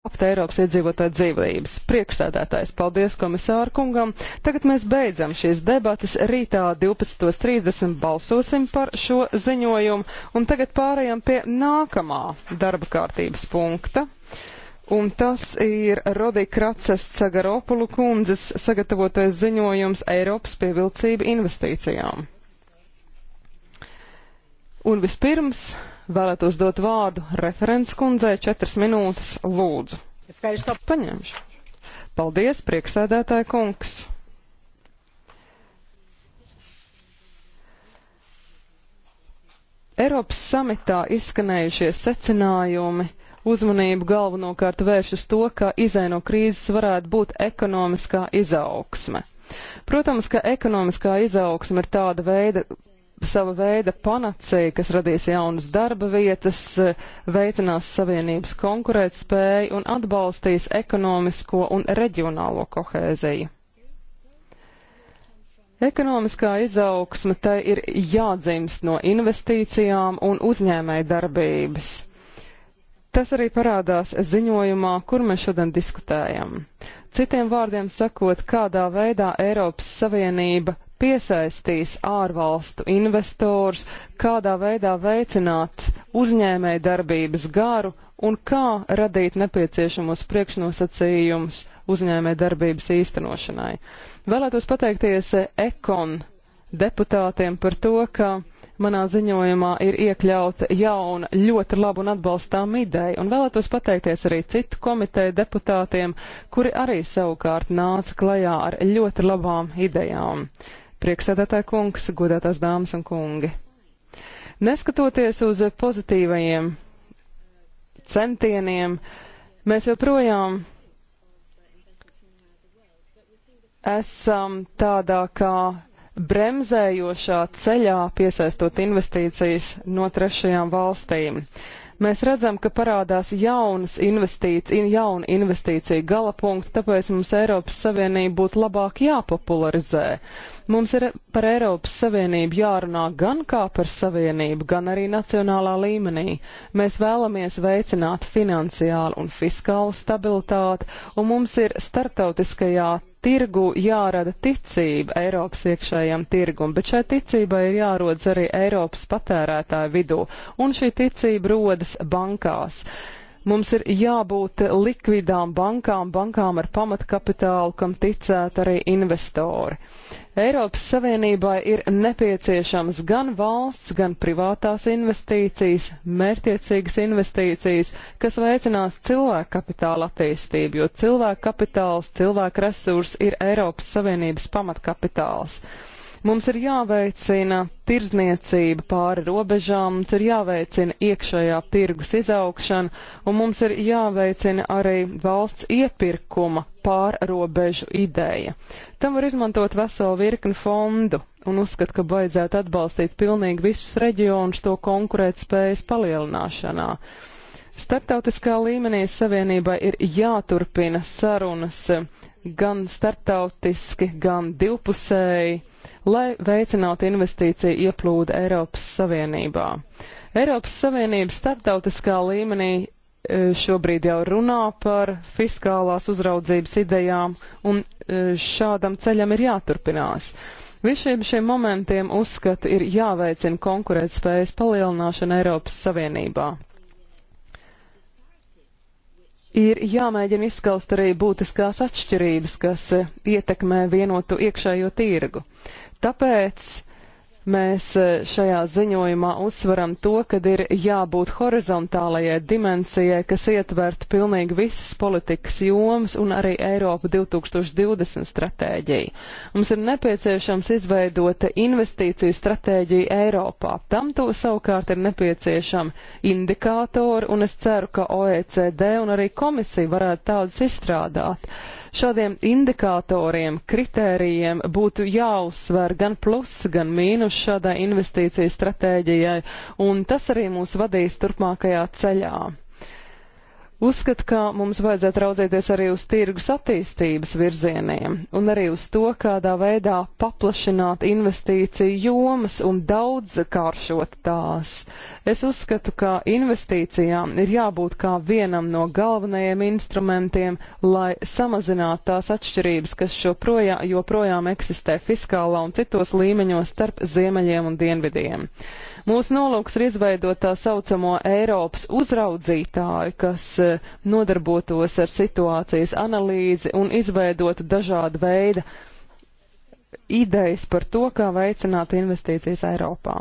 glābt Eiropas iedzīvotāju dzīvības. Priekšsēdētājs, paldies komisāru kungam. Tagad mēs beidzam šīs debatas. Rītā 12.30 balsosim par šo ziņojumu. Un tagad pārējām pie nākamā darba kārtības punkta. Un tas ir Rodī Kraces Cagaropulu kundzes sagatavotais ziņojums Eiropas pievilcība investīcijām. Un vispirms Vēlētos dot vārdu referents kundzei četras minūtes lūdzu. Paņemšu. Paldies, prieksēdētāja kungs. Eiropas samitā izskanējušie secinājumi uzmanību galvenokārt vērš uz to, ka izai no krīzes varētu būt ekonomiskā izaugsme. Protams, ka ekonomiskā izaugsme ir tāda veida sava veida panacēja, kas radīs jaunas darba vietas, veicinās savienības konkurētspēju un atbalstīs ekonomisko un reģionālo kohēziju. Ekonomiskā izaugsme tai ir jādzimst no investīcijām un uzņēmēja darbības. Tas arī parādās ziņojumā, kur mēs šodien diskutējam. Citiem vārdiem sakot, kādā veidā Eiropas Savienība piesaistīs ārvalstu investors, kādā veidā veicināt uzņēmēju darbības garu un kā radīt nepieciešamos priekšnosacījumus uzņēmēju darbības īstenošanai. Vēlētos pateikties Ekon deputātiem par to, ka manā ziņojumā ir iekļauta jauna, ļoti laba un atbalstām ideja, un vēlētos pateikties arī citu komiteju deputātiem, kuri arī savukārt nāca klajā ar ļoti labām idejām. Prieksēdētāja kungs, godētās dāmas un kungi. Neskatoties uz pozitīvajiem centieniem, mēs joprojām esam tādā kā bremzējošā ceļā piesaistot investīcijas no trešajām valstīm. Mēs redzam, ka parādās jaunas investīcijas, jauna investīcija gala punkts, tāpēc mums Eiropas Savienība būtu labāk jāpopularizē. Mums ir par Eiropas Savienību jārunā gan kā par savienību, gan arī nacionālā līmenī. Mēs vēlamies veicināt finansiālu un fiskālu stabilitāti, un mums ir starptautiskajā tirgu jārada ticība Eiropas iekšējam tirgum, bet šai ticībai ir jārodz arī Eiropas patērētāju vidū, un šī ticība rodas bankās. Uh, Mums ir jābūt likvidām bankām, bankām ar pamatkapitālu, kam ticētu arī investori. Eiropas Savienībai ir nepieciešams gan valsts, gan privātās investīcijas, mērķiecīgas investīcijas, kas veicinās cilvēku kapitāla attīstību, jo cilvēku kapitāls, cilvēku resursi ir Eiropas Savienības pamatkapitāls. Mums ir jāveicina tirzniecība pāri robežām, mums ir jāveicina iekšējā tirgus izaugšana, un mums ir jāveicina arī valsts iepirkuma pārrobežu ideja. Tam var izmantot veselu virkni fondu, un uzskat, ka baidzētu atbalstīt pilnīgi visus reģionus to konkurētspējas palielināšanā. Startautiskā līmenī savienībai ir jāturpina sarunas gan startautiski, gan divpusēji lai veicinātu investīciju ieplūdu Eiropas Savienībā. Eiropas Savienība starptautiskā līmenī e, šobrīd jau runā par fiskālās uzraudzības idejām, un e, šādam ceļam ir jāturpinās. Visiem šiem momentiem uzskata ir jāveicina konkurētspējas palielināšana Eiropas Savienībā ir jāmēģina izskaust arī būtiskās atšķirības, kas eh, ietekmē vienotu iekšējo tirgu. Tāpēc Mēs e, šajā ziņojumā uzsveram to, ka ir jābūt horizontālajai dimensijai, kas ietvert pilnīgi visas politikas jomas un arī Eiropa 2020 stratēģiju. Mums ir nepieciešams izveidot investīciju stratēģiju Eiropā. Tam to savukārt ir nepieciešami indikātori, un es ceru, ka OECD un arī komisija varētu tādus izstrādāt. Šādiem indikātoriem, kritērijiem būtu jāuzsver gan pluss, gan mīnus šādai investīciju stratēģijai, un tas arī mūs vadīs turpmākajā ceļā. Uzskatu, ka mums vajadzētu raudzīties arī uz tirgus attīstības virzieniem un arī uz to, kādā veidā paplašināt investīciju jomas un daudzkāršot tās. Es uzskatu, ka investīcijām ir jābūt kā vienam no galvenajiem instrumentiem, lai samazinātu tās atšķirības, kas joprojām, joprojām eksistē fiskālā un citos līmeņos starp ziemeļiem un dienvidiem. Mūsu nolūks ir izveidot tā saucamo Eiropas uzraudzītāju, kas nodarbotos ar situācijas analīzi un izveidotu dažādu veidu idejas par to, kā veicināt investīcijas Eiropā.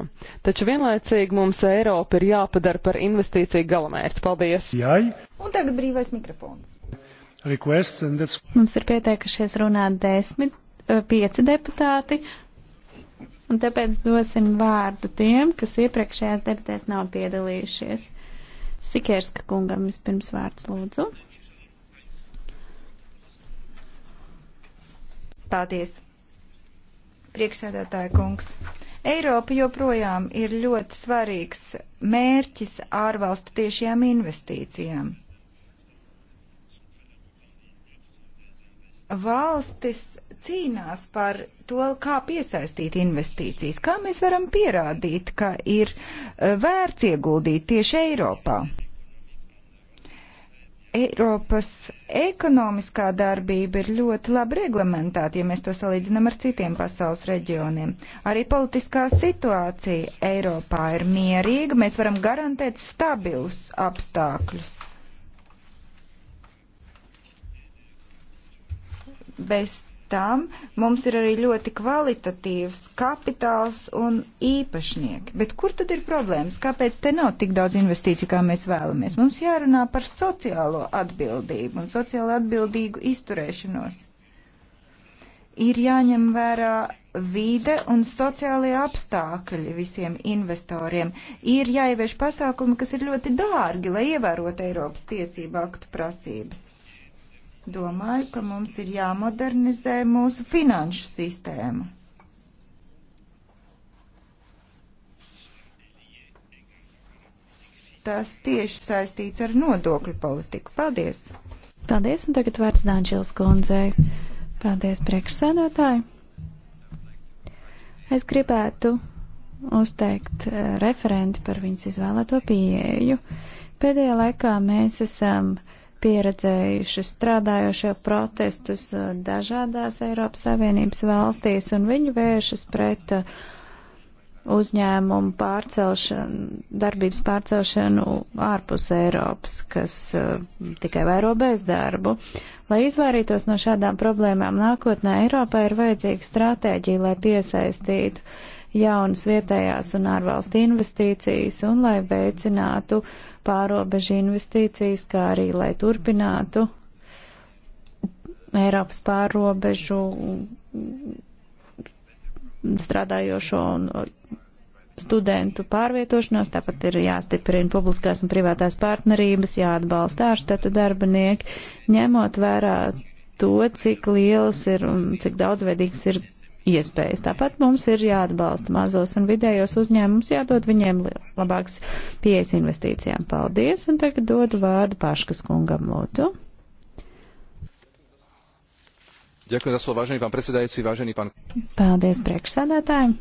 Taču vienlaicīgi mums Eiropa ir jāpadara par investīciju galamērķi. Paldies! Jai. Un tagad brīvais mikrofons. Request, mums ir pieteikušies runāt desmit, eh, pieci deputāti, un tāpēc dosim vārdu tiem, kas iepriekšējās debatēs nav piedalījušies. Sikerska kungam vispirms vārds lūdzu. Paldies. Priekšsēdētāja kungs. Eiropa joprojām ir ļoti svarīgs mērķis ārvalstu tiešajām investīcijām. Valstis cīnās par to, kā piesaistīt investīcijas, kā mēs varam pierādīt, ka ir e, vērts ieguldīt tieši Eiropā. Eiropas ekonomiskā darbība ir ļoti labi reglamentēta, ja mēs to salīdzinām ar citiem pasaules reģioniem. Arī politiskā situācija Eiropā ir mierīga, mēs varam garantēt stabilus apstākļus. Bez tam mums ir arī ļoti kvalitatīvs kapitāls un īpašnieki. Bet kur tad ir problēmas? Kāpēc te nav tik daudz investīciju, kā mēs vēlamies? Mums jārunā par sociālo atbildību un sociāli atbildīgu izturēšanos. Ir jāņem vērā vide un sociālie apstākļi visiem investoriem. Ir jāievieš pasākumi, kas ir ļoti dārgi, lai ievērotu Eiropas tiesību aktu prasības Domāju, ka mums ir jāmodernizē mūsu finanšu sistēma. Tas tieši saistīts ar nodokļu politiku. Paldies! Paldies, un tagad vārds Dāņšils kundzei. Paldies, priekšsēdētāji! Es gribētu uzteikt eh, referenti par viņas izvēlēto pieeju. Pēdējā laikā mēs esam pieredzējuši strādājošo protestus uh, dažādās Eiropas Savienības valstīs, un viņi vēršas pret uh, uzņēmumu pārcelšanu, darbības pārcelšanu ārpus Eiropas, kas uh, tikai vairo bezdarbu. Lai izvairītos no šādām problēmām nākotnē, Eiropā ir vajadzīga stratēģija, lai piesaistītu jaunas vietējās un ārvalstu investīcijas un lai veicinātu pārobežu investīcijas, kā arī lai turpinātu Eiropas pārobežu strādājošo un studentu pārvietošanos, tāpat ir jāstiprina publiskās un privātās partnerības, jāatbalsta ārštatu darbinieki, ņemot vērā to, cik liels ir un cik daudzveidīgs ir iespējas. Tāpat mums ir jāatbalsta mazos un vidējos uzņēmumus, jādod viņiem labāks pieejas investīcijām. Paldies, un tagad dodu vārdu Paškas kungam lūdzu. Ďakujem za slovo, vážený pán predsedajúci, vážený pán. Paldies priekšsādātājiem,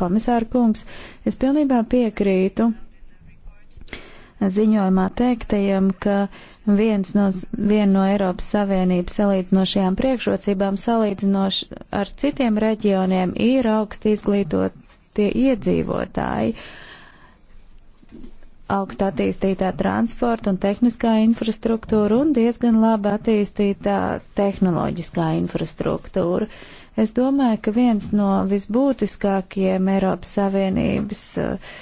komisāra kungs. Es pilnībā piekrītu ziņojumā teiktajam, ka viens no, viena no Eiropas Savienības salīdzinošajām priekšrocībām salīdzinoši ar citiem reģioniem ir augsti izglītotie iedzīvotāji, augst attīstītā transporta un tehniskā infrastruktūra un diezgan labi attīstītā tehnoloģiskā infrastruktūra. Es domāju, ka viens no visbūtiskākajiem Eiropas Savienības uh,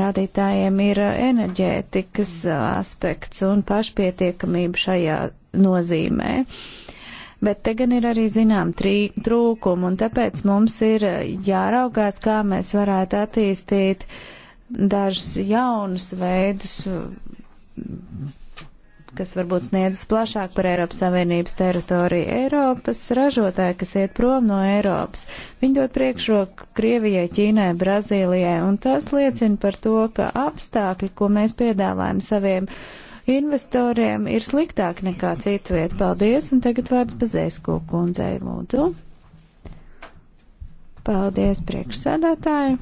rādītājiem ir enerģētikas aspekts un pašpietiekamība šajā nozīmē. Bet te gan ir arī zinām trī, trūkumi, un tāpēc mums ir jāraugās, kā mēs varētu attīstīt dažus jaunus veidus kas varbūt sniedzas plašāk par Eiropas Savienības teritoriju. Eiropas ražotāji, kas iet prom no Eiropas, viņi dod priekšroku Krievijai, Ķīnai, Brazīlijai, un tas liecina par to, ka apstākļi, ko mēs piedāvājam saviem investoriem, ir sliktāk nekā citu vietu. Paldies, un tagad vārds Bazēsko kundzei lūdzu. Paldies, priekšsēdētāji.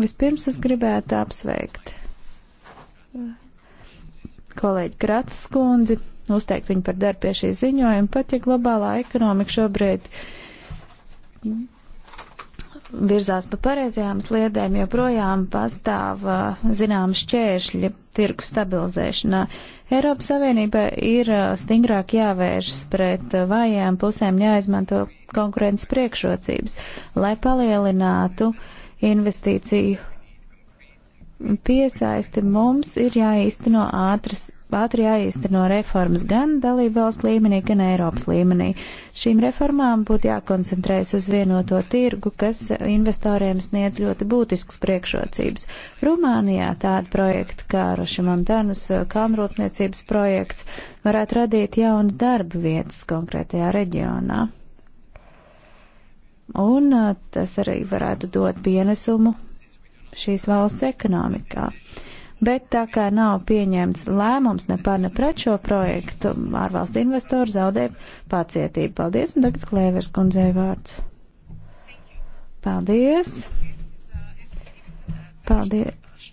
Vispirms es gribētu apsveikt kolēģi Kratas kundzi, uzteikt viņu par darbu pie šī ziņojuma, pat ja globālā ekonomika šobrīd virzās pa pareizajām sliedēm, joprojām pastāv zinām šķēršļi tirku stabilizēšanā. Eiropas Savienība ir stingrāk jāvēršas pret vājām pusēm, jāizmanto konkurences priekšrocības, lai palielinātu investīciju piesaisti mums ir jāīsteno ātras, ātri jāīsteno reformas gan dalību valsts līmenī, gan Eiropas līmenī. Šīm reformām būtu jākoncentrējas uz vienoto tirgu, kas investoriem sniedz ļoti būtisks priekšrocības. Rumānijā tāda projekta kā Rošimontanas eh, kalnrūpniecības projekts varētu radīt jaunas darba vietas konkrētajā reģionā. Un eh, tas arī varētu dot pienesumu šīs valsts ekonomikā. Bet tā kā nav pieņemts lēmums ne par ne pret šo projektu, ārvalstu investori zaudē pacietību. Paldies, un tagad Klēvers kundzei vārds. Paldies. Paldies.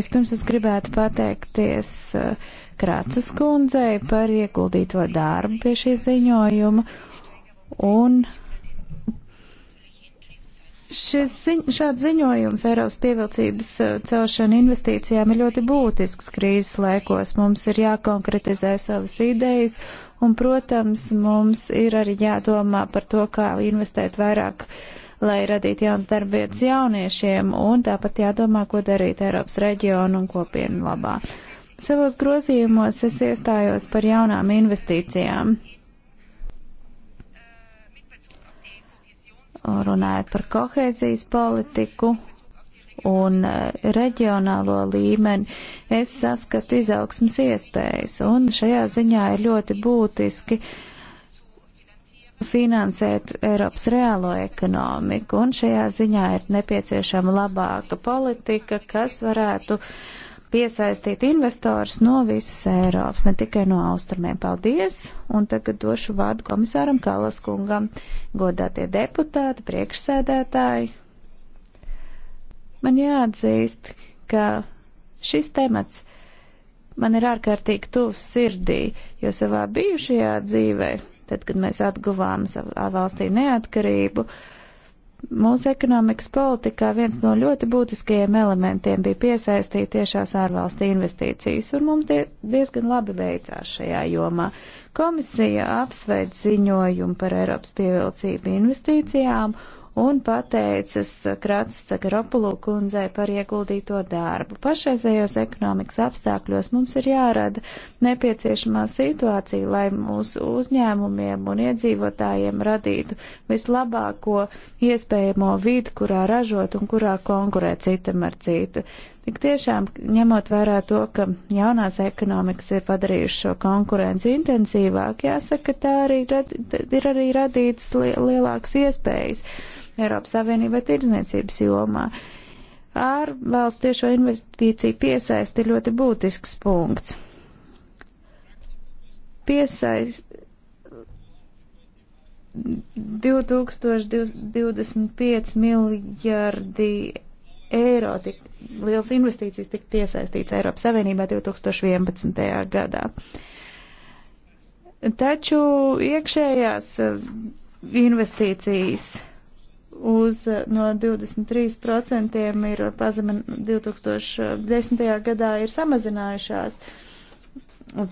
Vispirms es gribētu pateikties uh, Krācas kundzei par ieguldīto darbu pie šī ziņojuma un Šis ziņ, šāds ziņojums Eiropas pievilcības eh, celšana investīcijām ir ļoti būtisks krīzes laikos. Mums ir jākonkretizē savas idejas un, protams, mums ir arī jādomā par to, kā investēt vairāk, lai radītu jauns darbvietas jauniešiem un tāpat jādomā, ko darīt Eiropas reģionu un kopienu labā. Savos grozījumos es iestājos par jaunām investīcijām. runājot par kohēzijas politiku un e, reģionālo līmeni, es saskatu izaugsmas iespējas, un šajā ziņā ir ļoti būtiski finansēt Eiropas reālo ekonomiku, un šajā ziņā ir nepieciešama labāka politika, kas varētu uh, piesaistīt investors no visas Eiropas, ne tikai no austrumiem. Paldies! Un tagad došu vārdu komisāram Kalas kungam, godātie deputāti, priekšsēdētāji. Man jāatzīst, ka šis temats man ir ārkārtīgi tuvs sirdī, jo savā bijušajā dzīvē, tad, kad mēs atguvām savā valstī neatkarību, uh, Mūsu ekonomikas politikā viens no ļoti būtiskajiem elementiem bija piesaistīt tiešās ārvalstu investīcijas, un mums tie diezgan labi veicās šajā jomā. Komisija apsveic ziņojumu par Eiropas pievilcību investīcijām un pateicas Kratas Cakaropulu kundzei par ieguldīto darbu. Pašreizējos ekonomikas apstākļos mums ir jārada nepieciešamā situācija, lai mūsu uzņēmumiem un iedzīvotājiem radītu vislabāko iespējamo vidi, kurā ražot un kurā konkurēt citam ar citu. Tik tiešām, ņemot vērā to, ka jaunās ekonomikas ir padarījušas šo konkurenci intensīvāk, jāsaka, tā arī rad, ir arī radītas li lielākas iespējas. Uh, Eiropas Savienībai tirdzniecības jomā. Ārvalstu tiešo investīciju piesaisti ir ļoti būtisks punkts. Piesaist 2025 miljardi eiro tik liels investīcijas tika piesaistīts Eiropas Savienībā 2011. gadā. Taču iekšējās eh, investīcijas uz eh, no 23% ir pazemin 2010. Eh, gadā ir samazinājušās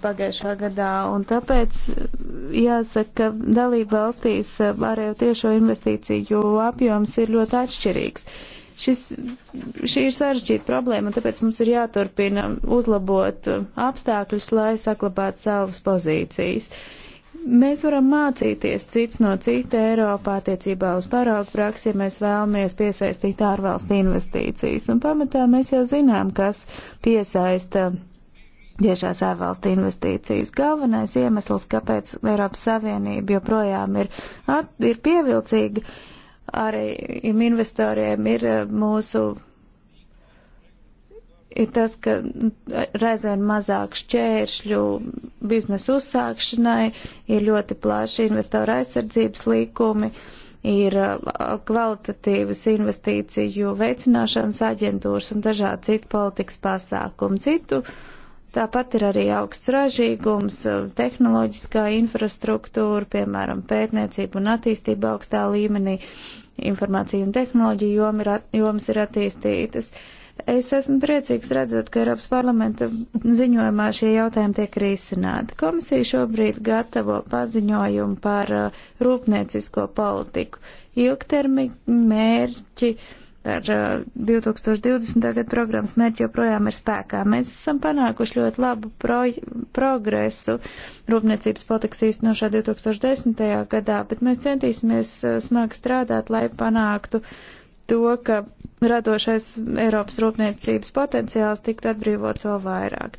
pagājušā gadā, un tāpēc eh, jāsaka, ka dalība valstīs ārējo tiešo investīciju apjoms ir ļoti atšķirīgs. Šis, šī ir sarežģīta problēma, un tāpēc mums ir jāturpina uzlabot apstākļus, lai saklabātu savas pozīcijas. Uh, Mēs varam mācīties cits no cita Eiropā attiecībā uz paraugu praksi, ja mēs vēlamies piesaistīt ārvalstu investīcijas. Un pamatā mēs jau zinām, kas piesaista tiešās ārvalstu investīcijas. Galvenais iemesls, kāpēc Eiropas Savienība joprojām ir, at, ir pievilcīga arī investoriem, ir eh, mūsu ir tas, ka reizēm mazāk šķēršļu biznesu uzsākšanai, ir ļoti plaši investoru aizsardzības līkumi, ir uh, kvalitatīvas investīciju veicināšanas aģentūras un dažādi citu politikas pasākumu. Citu tāpat ir arī augsts ražīgums, uh, tehnoloģiskā infrastruktūra, piemēram, pētniecība un attīstība augstā līmenī, informācija un tehnoloģija jomas ir attīstītas. Uh, Es esmu priecīgs redzot, ka Eiropas parlamenta ziņojumā šie jautājumi tiek risināti. Komisija šobrīd gatavo paziņojumu par uh, rūpniecisko politiku. Ilgtermiņa mērķi ar uh, 2020. gadu programmas mērķi joprojām ir spēkā. Mēs esam panākuši ļoti labu pro progresu rūpniecības politikas īstenošā 2010. gadā, bet mēs centīsimies uh, smagi strādāt, lai panāktu uh, to, ka radošais Eiropas rūpniecības potenciāls tiktu atbrīvots vēl vairāk.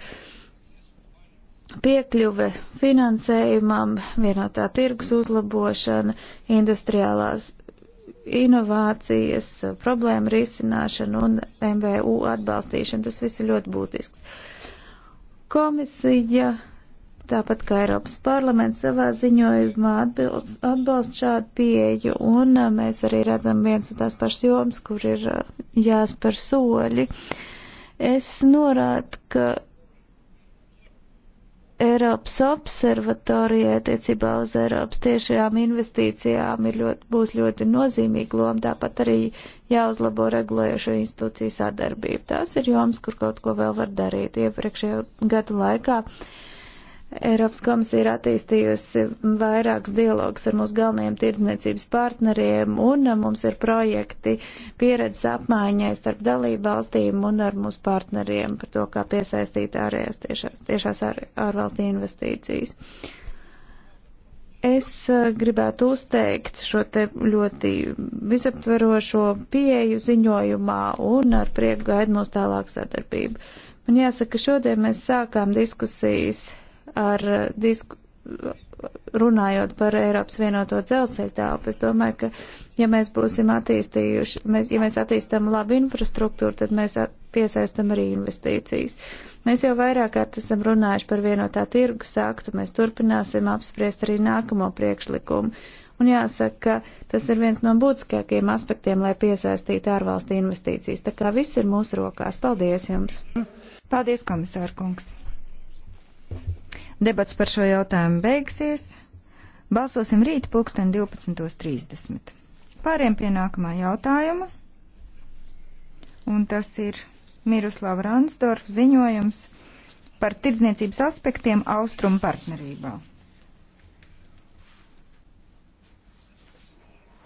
Piekļuve finansējumam, vienotā tirgus uzlabošana, industriālās inovācijas, problēma risināšana un MVU atbalstīšana, tas viss ir ļoti būtisks. Komisija Tāpat kā Eiropas parlaments savā ziņojumā atbilst, atbalst šādu pieeju, un uh, mēs arī redzam viens un tās pašas jomas, kur ir uh, jāspēr soļi. Es norādu, ka Eiropas observatorijai attiecībā uz Eiropas tiešajām investīcijām ir ļoti, būs ļoti nozīmīga loma, tāpat arī jāuzlabo regulējušo institūciju sadarbību. Tās ir jomas, kur kaut ko vēl var darīt iepriekšējo gadu laikā. Uh, Eiropas komisija ir attīstījusi vairākus dialogus ar mūsu galvenajiem tirdzniecības partneriem, un uh, mums ir projekti pieredzes apmaiņai starp dalību valstīm un ar mūsu partneriem par to, kā piesaistīt ārējās tiešās, tiešās ār, ārvalstu investīcijas. Es uh, gribētu uzteikt šo te ļoti visaptverošo pieeju ziņojumā un ar prieku gaidu mūsu tālāk sadarbību. Man jāsaka, šodien mēs sākām diskusijas ar eh, disku, runājot par Eiropas vienoto dzelzceļu telpu. Es domāju, ka ja mēs būsim attīstījuši, mēs, ja mēs attīstam labu infrastruktūru, tad mēs piesaistam arī investīcijas. Mēs jau vairāk kārt esam runājuši par vienotā tirgus aktu, mēs turpināsim apspriest arī nākamo priekšlikumu. Un jāsaka, ka tas ir viens no būtiskākajiem aspektiem, lai piesaistītu ārvalstu investīcijas. Tā kā viss ir mūsu rokās. Paldies jums! Paldies, komisārkungs! Debats par šo jautājumu beigsies. Balsosim rīt pulksten 12.30. Pāriem pie nākamā jautājuma. Un tas ir Miruslava Ransdorf ziņojums par tirdzniecības aspektiem austrumu partnerībā.